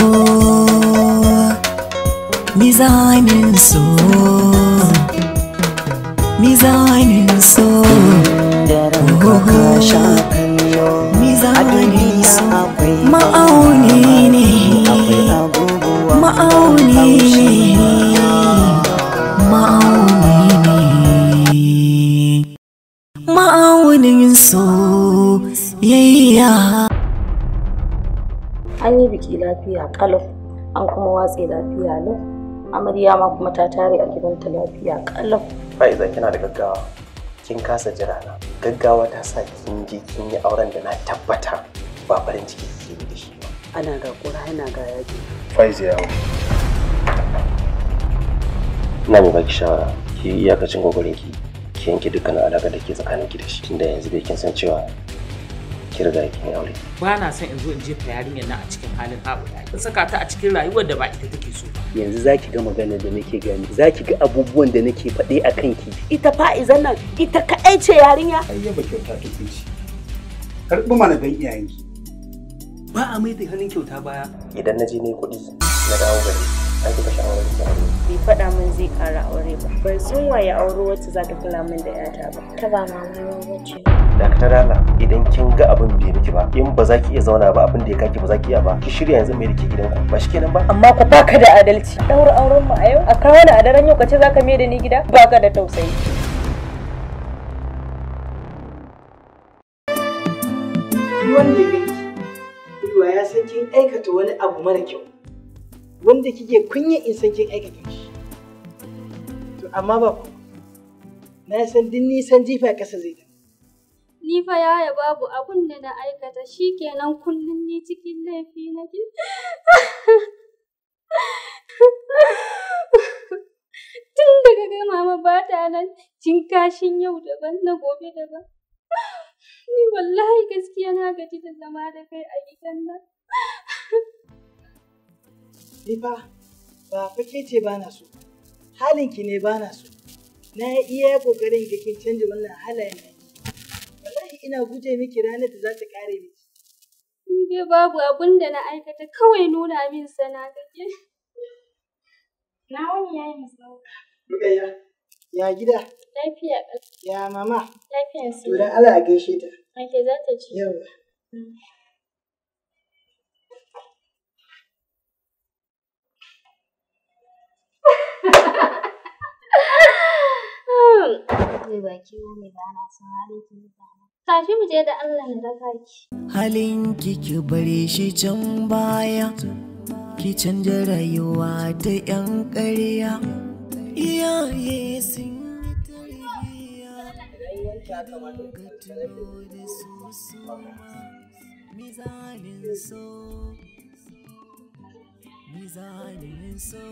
oh designing soul designing ne ma'auni ne ma'aunin so yayya an yi biki lafiya kalau an kuma watse lafiya lau amarya ma kuma ta tare a gidanta lafiya kalau zan kina da gaggawa kin kasa jira na gaggawa ta sa kin je kin yi auren da na tabbata ba farin ciki ke yi da shi ba ana ga kura ana ga yaji faiza yawo na ba ki shawara ki iyakacin gwagwarin ki ki yanke dukkan alaƙar da ke tsakanin ki da shi tunda yanzu bai kin san cewa Kirga riga aure ba na son in zo in jefa yarinyar nan a cikin halin haɓuya in saka ta a cikin rayuwar da ba ita take so yanzu za ki ga maganar da nake gani ki ga abubuwan da nake faɗe a kan ki. ita izan nan ita kaɗai ce yarinya yaba kyauta ta ce karɓi mana dan iyayenki ba a mai da hannun kyauta baya idan na je ne kuɗi na dawo gari an kika shawarar ki aure bai faɗa min zai ƙara aure ba ban san waye aure wacce za ta kula min da yata ba ta ba mama wacce Dakta Dala idan kin ga abin bai miki ba in ba za ki iya zauna ba abin da ya kaki ba za ki iya ba ki shirya yanzu mai da ke gidanku ba shi kenan ba amma ku baka da adalci ɗaura auren mu a yau a kawo ni a daren yau kace ka mai da ni gida baka da tausayi Ruwan bibinki, Ruwa ya san kin aikata wani abu mara kyau. wanda kike kunya in san kin aikata shi to amma ba ku na san din nisan jifa kasa zai ta ni fa yaya babu abun da na aikata shi shikenan kullun ni cikin laifi na nake tun daga ga mama ba ta nan cin kashin yau daban na gobe daban ni wallahi gaskiya na gaji da zama da kai a gidan nan Ni fa ba fake ce ba na so, halinki ne ba na so. Na iya ƙoƙarin da kin canza wannan halayen nan. Wallahi ina guje miki ranar da za ta ƙare miki. Ni dai babu abin da na aikata kawai nuna min sana ke. Na wani yi musamman. Rukayya, ya gida? Lafiya ƙasa. Ya mama? Lafiya sai. To dan Allah a gaishe ta. Ake za ta ci. Yawwa. Zai baki ne ba na son halin ki zuba Tashi mu je da Allah na raka ki. Halin ki ki bare shi can baya. Ki canja rayuwa ta 'yan ƙarya. Iyaye sun yi tarbiyya. Ka tuno da su suma. Mizanin so. Mizanin so.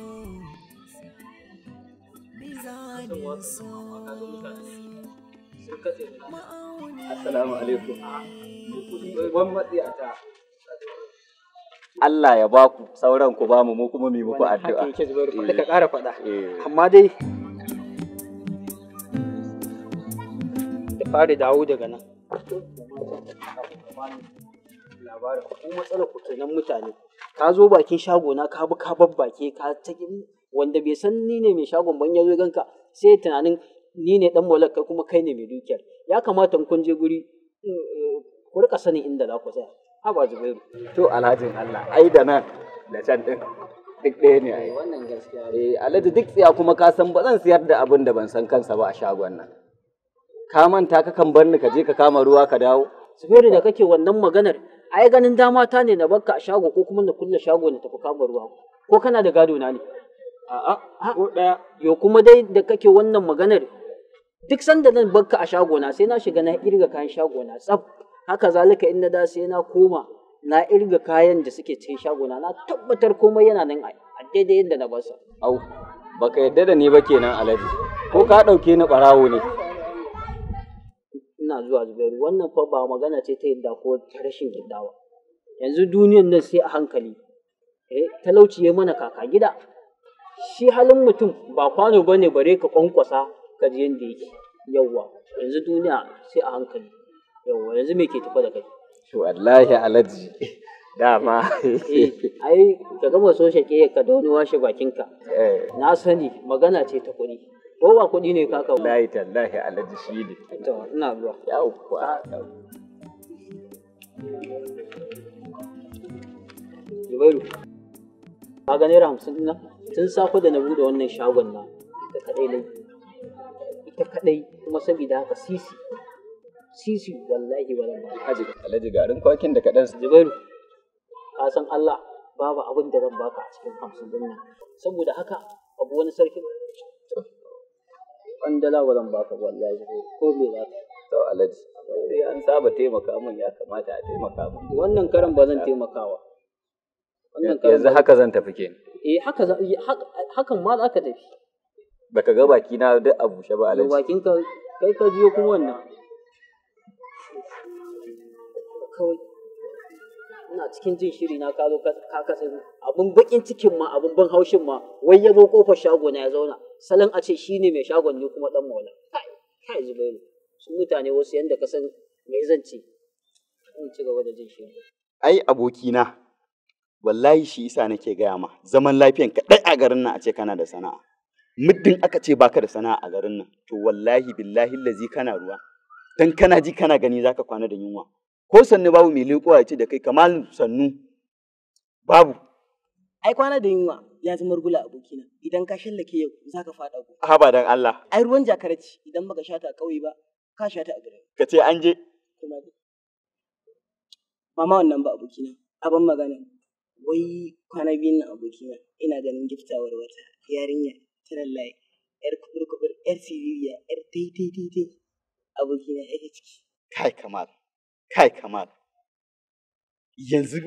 alaikum. Allah ya ba ku. sauran ku bamu mu kuma mu muku addu'a. ka ƙara faɗa. Eh. Amma dai da fari dawo daga nan. Labarin ku matsalar ku kenan mutane. Ka zo bakin shago na ka bi ka babbake ka ta wanda bai san ni ne mai shagon ban ya zo ganka sai tunanin ni ne dan molak kuma kai ne mai dukiyar ya kamata in kun je guri ku rika sanin inda za ku tsaya ba zubairu to alhajin Allah ai da nan da can din duk ɗaya ne ai eh, wannan gaskiya eh alhaji duk tsaya kuma ka san ba zan siyar da abin da ban san kansa ba a shagon nan ka manta ka kan bar ni ka je ka kama ruwa ka dawo zubairu da kake wannan maganar ai ganin dama ta ne na barka a shago ko kuma na kulle shago na tafi kama ruwa ko kana da gado na ne kuma dai da kake wannan maganar duk sanda nan bakka a shagona sai na shiga na irga kayan shagona tsaf haka zalika in na da sai na koma na irga kayan da suke cikin shagona na tabbatar komai yana nan a daidai yadda na basa. Au, baka yadda da ni ba kenan alaji ko ka ɗauke ni ɓarawo ne. Ina zuwa Zubairu wannan fa ba magana ce ta yadda ko ta rashin yadda Yanzu duniyan nan sai a hankali. Eh, talauci ya mana kaka gida. shi halin mutum ba kwano ba ne bare ka kwankwasa ka ji yadda yake yawwa yanzu duniya sai a hankali yawwa yanzu me ke tafa da kai wallahi alaji dama eh, ai ka gama so shake ka da wani washe bakinka eh. na sani magana ce ta kuɗi ko ba kuɗi ne ka kawo wallahi tallahi alaji shi ne to ina zuwa yawwa Zubairu, ka gane naira hamsin nan? tun safe da na bude wannan shagon na ita kadai ne ita kadai kuma saboda haka sisi sisi wallahi wala ba alhaji alaji garin kwakin da kadan zubairu ka san Allah babu abin da zan baka a cikin hamsin din nan saboda haka abu wani sarkin Wanda ba zan baka wallahi ko me za ka to alhaji an saba taimaka mun ya kamata a taimaka mun wannan karan ba zan taimakawa yanzu haka zan tafi ke eh haka eh, hakan ma za ka tafi baka ga baki na duk abu bushe ba alaji bakin ka kai ka jiyo kuma wannan kawai ina cikin jin shiri na ka zo ka kasa abun bakin cikin ma abun ban haushin ma wai ya zo kofar shago na ya zauna salon a ce shine mai shagon ne kuma dan maula kai kai zubairu su mutane wasu yanda ka san me zan ce in ci gaba da jin shiri ai abokina wallahi shi isa nake gaya ma zaman lafiyan kaɗai a garin nan a ce kana da sana'a muddin aka ce baka da sana'a a garin nan to wallahi billahi lazi kana ruwa dan kana ji kana gani zaka kwana da yunwa ko sannu babu mai leƙo ya ce da kai kamal sannu babu ai kwana da yunwa ya zama rugula abokina idan ka shallake yau zaka fada ku. ha ba dan Allah ai ruwan jakarci idan baka shata a ƙauye ba ka shata a gari ka ce an je mama wannan ba abokina abin magana wai kwana biyun nan abokina ina ganin giftawar wata yarinya ta lallai yar kubur-kubur yar siririya yar daidai-daidai abokina yake ciki kai kamar, kai kamar, yanzu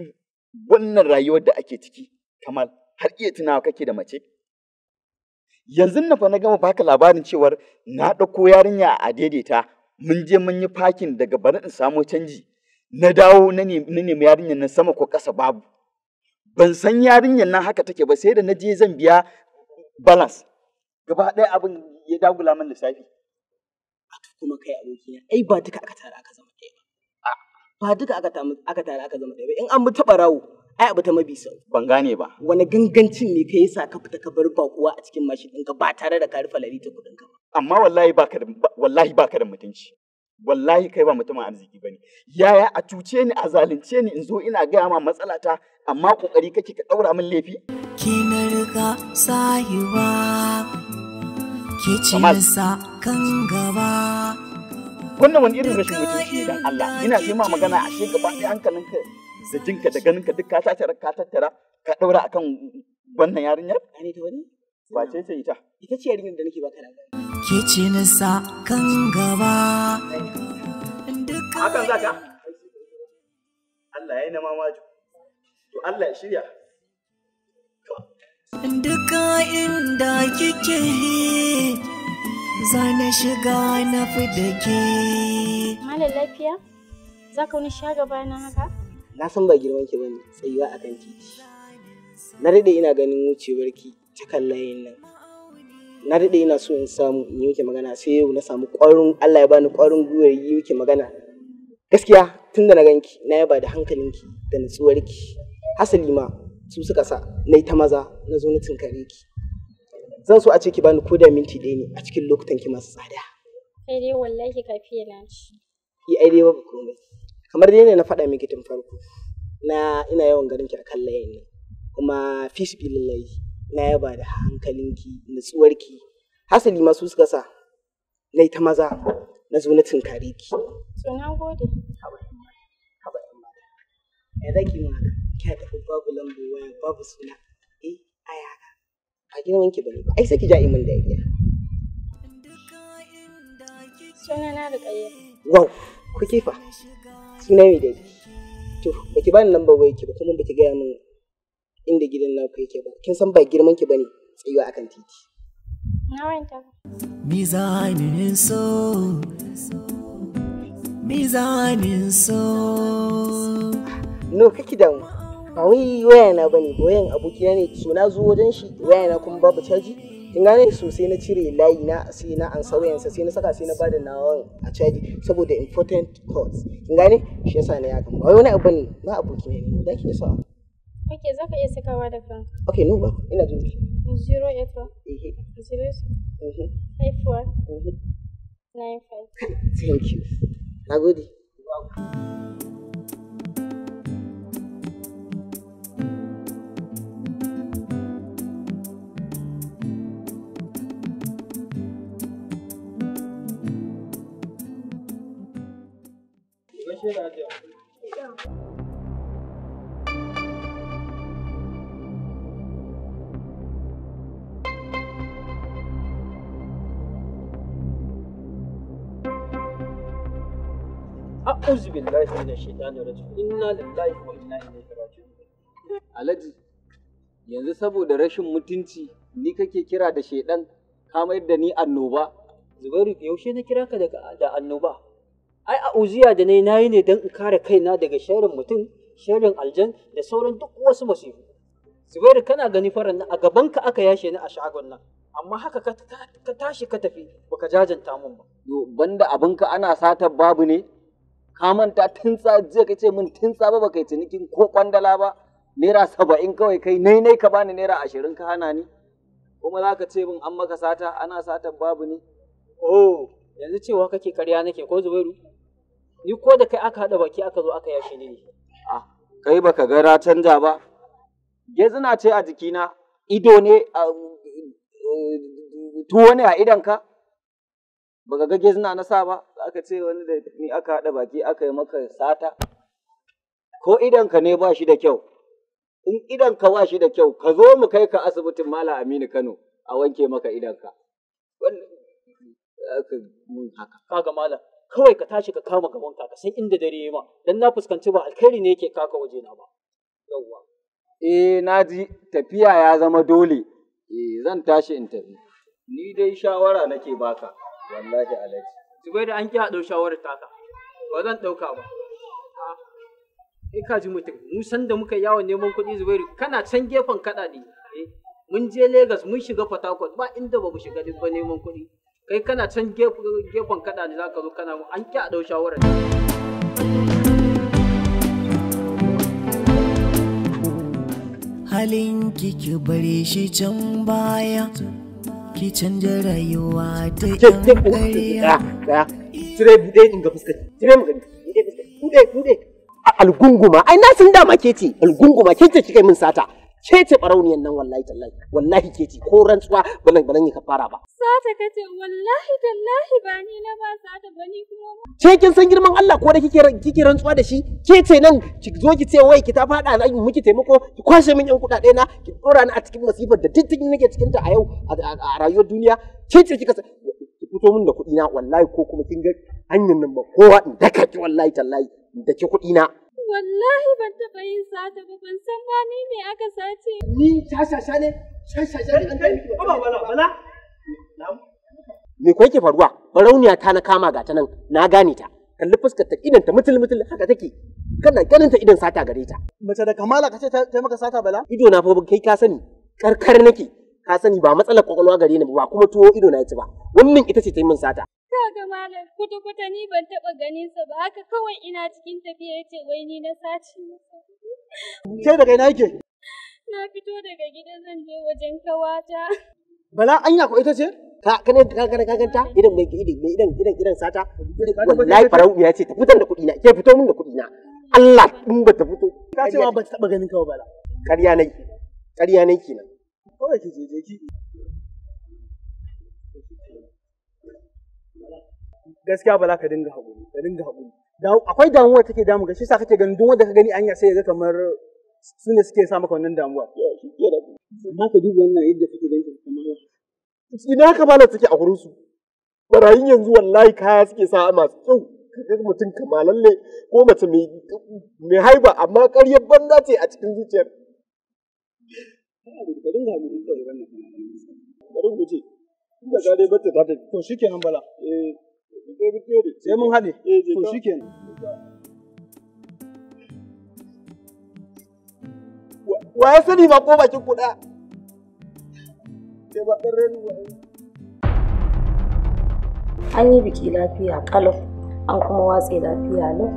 wannan rayuwar da ake ciki kamar har iya tunawa kake da mace yanzu na fa na gama baka labarin cewar na ɗauko yarinya a daidaita mun je mun yi fakin daga bari in samo canji na dawo na nemi yarinyar nan sama ko ƙasa babu ban san yarinyar nan haka take ba sai da na je zan biya balance gaba ɗaya abin ya dagula min lissafi a kuma kai abokina ai ba duka aka tara aka zama ɗaya ba ba duka aka tara aka zama ɗaya ba in an bi taɓa rawo ai abu ta mabi sau ban gane ba wani gangancin ne ka yasa ka fita ka bar bakuwa a cikin mashin ɗinka ba tare da ka rufe ta kuɗin ka amma wallahi ba da wallahi ba ka da mutunci wallahi kai ba mutumin arziki bane yaya a cuce ni a zalunce ni in zo ina gaya ma matsalata amma ƙoƙari kake ka ɗaura min laifi? Kina riga sahiwa, ki sa kan gaba. Wannan wani irin rashin mutunci dan Allah, ina sai ma magana a shi gaba ɗaya hankalinka da jinka da ganinka duk ka tattara ka tattara ka ɗaura a kan wannan yarinyar? Ani ta wani? Ba ce ce ita. Ita ce yarinyar da nake baka labari. Ki ci sa kan gaba. Hakan za ka? Allah ya yi na mamaji. to Allah ya shirya duka inda kike zana shiga na fida ke Malam lafiya za ka wani sha gaba na haka na san ba girman ki bane tsayuwa kan titi na daɗe ina ganin wucewar ki cikin layin nan na daɗe ina so in samu in yi miki magana sai yau na samu ƙwarin Allah ya bani ƙwarin gwiwar yi miki magana gaskiya tun da na ganki na yaba da hankalinki da natsuwarki hasali ma su suka sa na ta maza na zo nutin kare ki zan so a ce ki bani ko da minti ɗaya ne a cikin lokutan ki masu tsada kai dai wallahi ka fiye na shi yi ai dai babu komai kamar dai ne na faɗa miki tun farko na ina yawan garin ki akan layin ne kuma fisbilillahi na yaba da hankalinki nutsuwarki hasali ma su suka sa na ta maza na zo nutin kare ki to na gode ya rage ma kya tafi babu lambu waya babu suna eh a yara a girman ki bane ba ai sai ki ja imin da iya suna na da ƙarya wow ku kifa suna mai dai to baki bani lambar waya ki ba kuma baki gaya min inda gidan na kai yake ba kin san ba girman ki bane tsayuwa akan titi na wanta mizanin so mizanin so no kake mu ba wai waya na bane wayan abokina ne so na zo wajen shi waya na kuma babu caji in gane sosai na cire layi na sai na an sauyansa sai na saka sai na bada nawan a caji saboda important calls in gane shi yasa na ya ba wai wani abu ne ba abuki ne da ke sa Okay, za ka iya sakawa da kanka. Okay, no ba, ina jin ki. 081 00 nine five. Thank you. Na gode. Bismillah A'udhu billahi minash shaitani rajim. Inna lillahi wa inna Alhaji yanzu saboda rashin mutunci ni kake kira da shaidan ka mayar da ni annoba. Zubairu yaushe na kira ka da annoba? ai a uziya da nayi nayi ne don in kare kaina daga sharrin mutum sharrin aljan da sauran duk wasu masifu zubairu kana gani fara nan a gabanka aka yashe ni a shagon nan amma haka ka tashi ka tafi baka jajanta mun ba yo banda abinka ana satar babu ne ka manta tintsa jiya ka ce min tintsa ba baka yi cinikin ko kwandala ba naira saba'in kawai kai nai nai ka bani naira ashirin ka hana ni kuma za ka ce min an maka sata ana satar babu ne oh yanzu cewa kake karya nake ko zubairu ni ko da kai aka haɗa baki aka zo aka yashe ni ne a ah, kai baka ga na canja ba gezina ce a jikina ido ne a tuwo ne a idonka baka ga gezina na sa ba aka ce wani da ni aka haɗa baki aka yi maka sata ko idonka ne ba shi da kyau in idonka ba shi da kyau ka zo mu kai ka asibitin mala aminu kano a wanke maka idonka kaga malam kawai ka tashi ka kama gaban ka ka san inda dare ya ma dan na fuskanci ba alkhairi ne yake kaka waje eh, na ba yawwa eh naji tafiya ya zama dole eh zan tashi in tafi ni dai shawara nake baka wallahi alaji zubai da an ki haɗo shawarar taka ba zan ɗauka ba eh ka ji mutum mu san da muka yawo neman kuɗi zubairu kana can gefen kaɗa ne eh, mun je Legas mun shiga Port Harcourt ba inda ba mu shiga duk ba neman kuɗi kai kana can gefen kada ne za ka zo kana an ƙi a ɗau shawarar halin kiki bare shi can baya ki canja rayuwa ta yan ƙarya cire bude in ga fuskar cire mu bude bude algunguma ai na san dama ke ce algunguma ke ce kika min sata ke ce barauniyan nan wallahi tallahi wallahi ke ce ko rantsuwa ban balan ka fara ba sata kace wallahi tallahi ba ni na ba sata bani ni kuma ke kin san girman Allah ko da kike kike rantsuwa da shi ke ce nan ki zo ki ce wai ki ta fada na yi miki taimako ki kwashe min yan kudade na ki dora ni a cikin masifar da tintin nake cikin ta a yau a rayuwar duniya ke ce kika ki fito min da kuɗi na wallahi ko kuma kin ga hanyar nan ba kowa in daka ki wallahi tallahi da ki kuɗi na Wallahi ban taɓa yin sata ba, ban san ba ni ne aka sace. Ni shashasha ne, shashasha ne an taimaki ba. kuma bala, bala. Me ko yake faruwa? Barauniya ta na kama ga ta nan, na gane ta. Kalli fuskar ta idan ta mutul mutul haka take. Kana ganin ta idan sata gare ta. Mace da kamala kace ta ta maka sata bala? Ido na fa kai ka sani, karkar nake. Ka sani ba matsalar kwakwalwa gare ni ba kuma tuwo ido na ya ci ba. Wannan ita ce ta yi min sata. kaga malam kuta-kuta ni ban taba ganin sa ba haka kawai ina cikin tafiya yace wai ni na sace masa. Ke daga ina yake? Na fito daga gidan zan je wajen kawata. Bala anya ko ita ce? Ka kane ka ka ka ganta idan mai idan mai idan idan idan sata. Wallahi farau ya ce ta fitar da kuɗi na ke fito min da kuɗi na. Allah in ba ta fito. Ka ce ma ba ta taɓa ganin ka ba bala. Ƙarya nake. Ƙarya nake kenan. Kawai ki je je ki. gaskiya ba za ka dinga haƙuri ka dinga haƙuri akwai damuwa take damu shi sa kake ganin duk wanda ka gani anya sai ya ga kamar su ne suke sa maka wannan damuwa amma ka duba wannan yadda kake ganin kamar ina ka bala take a gurin su barayin yanzu wallahi kaya suke sa masu kyau kaga mutum kamalalle ko mace mai haiba amma ƙaryar banza ce a cikin zuciyar ka dinga haƙuri kawai wannan kana ganin bari mu ce ta to shikenan bala eh sai an yi biki lafiya kalaf an kuma watse lafiya lau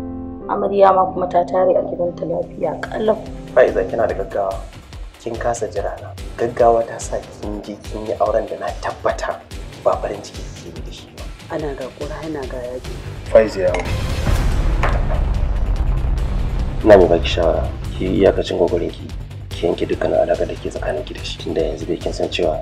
amarya ma kuma ta tare a gidanta lafiya kalau fa'iza kina da gaggawa kin kasa jira na gaggawa ta sa kin je kin yi auren da na tabbata ba farin ciki kike da shi ana ga kura ana ga yaji faiz ya hau ina mu baki shawara ki iyakacin kokarin ki ki yanke dukkan alaka da ke tsakanin ki da shi tunda yanzu bai kin san cewa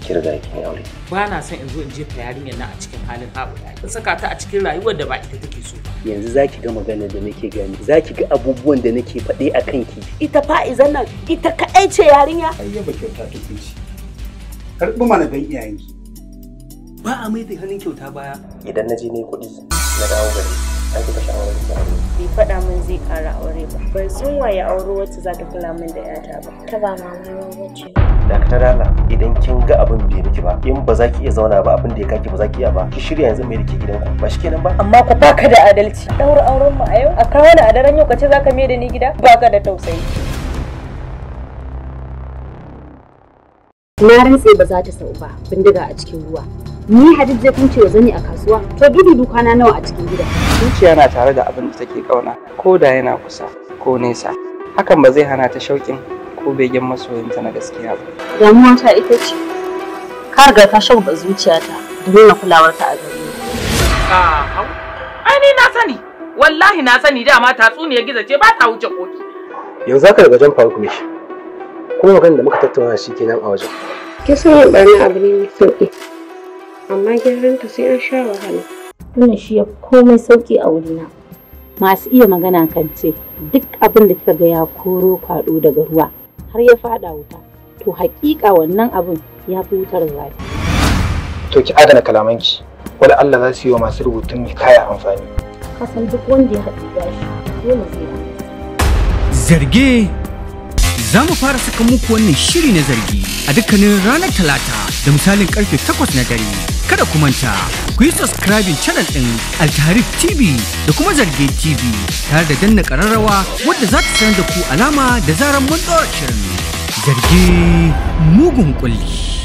ki riga kin aure ba na son in zo in jefa yarinyar nan a cikin halin haɓu in saka ta a cikin rayuwar da ba ita take so ba yanzu zaki ga maganar da nake gani zaki ga abubuwan da nake faɗe a kanki ita fa'izan nan ita kaɗai ce yarinya ayyaba yaba kyauta ta ce karɓi mana ban iyayenki ba a mai da hannun kyauta baya idan na je ne kuɗi na dawo gari an kuka shawarar da bai faɗa min zai ƙara aure ba ban sun waye aure wacce za ta kula min da yata ba ta ba mai wacce dakatar Allah idan kin ga abin bai miki ba in ba za ki iya zauna ba abin da ya kaki ba za ki iya ba ki shirya yanzu mai da ke gidanku ba shi kenan ba amma ku baka da adalci daura auren mu a yau a kawo ni a daren yau kace zaka mai da ni gida baka da tausayi na rantse ba za ta sau ba bindiga a cikin ruwa ni hadid zai kunce wa zani a kasuwa to dudu na nawa a cikin gida zuciya na tare da abin da take kauna ko da yana kusa ko nesa hakan ba zai hana ta shauƙin ko begen masoyinta na gaskiya ba damuwa ta ita ce ka riga ka shauƙa zuciyata na kulawar ta a gare ni ai ni na sani wallahi na sani dama tatsuniyar gizo ce ba ta wuce koki yanzu haka daga jan faruk shi, kuma maganin da muka tattauna shi kenan a wajen ke sanin ɓarni abu ne mai sauƙi amma gyaranta sai an sha wahala. Tuna shi ya komai sauƙi a wurina. Masu iya magana kan ce duk abin da kika ga ya koro kwaɗo daga ruwa har ya faɗa wuta. To haƙiƙa wannan abin ya fi wutar zafi. To ki adana kalamanki, wani Allah za su yi wa masu rubutun kaya amfani. Kasan duk wanda ya haɗu shi dole zai Zarge za mu fara saka muku wannan shiri na zargi a dukkanin ranar talata da misalin karfe 8 na dare kada ku manta ku yi subscribing channel din altarif tv da kuma zarge tv tare da danna kararrawa wadda za ta sanar da ku alama da zarar mun shirin zarge mugun kulli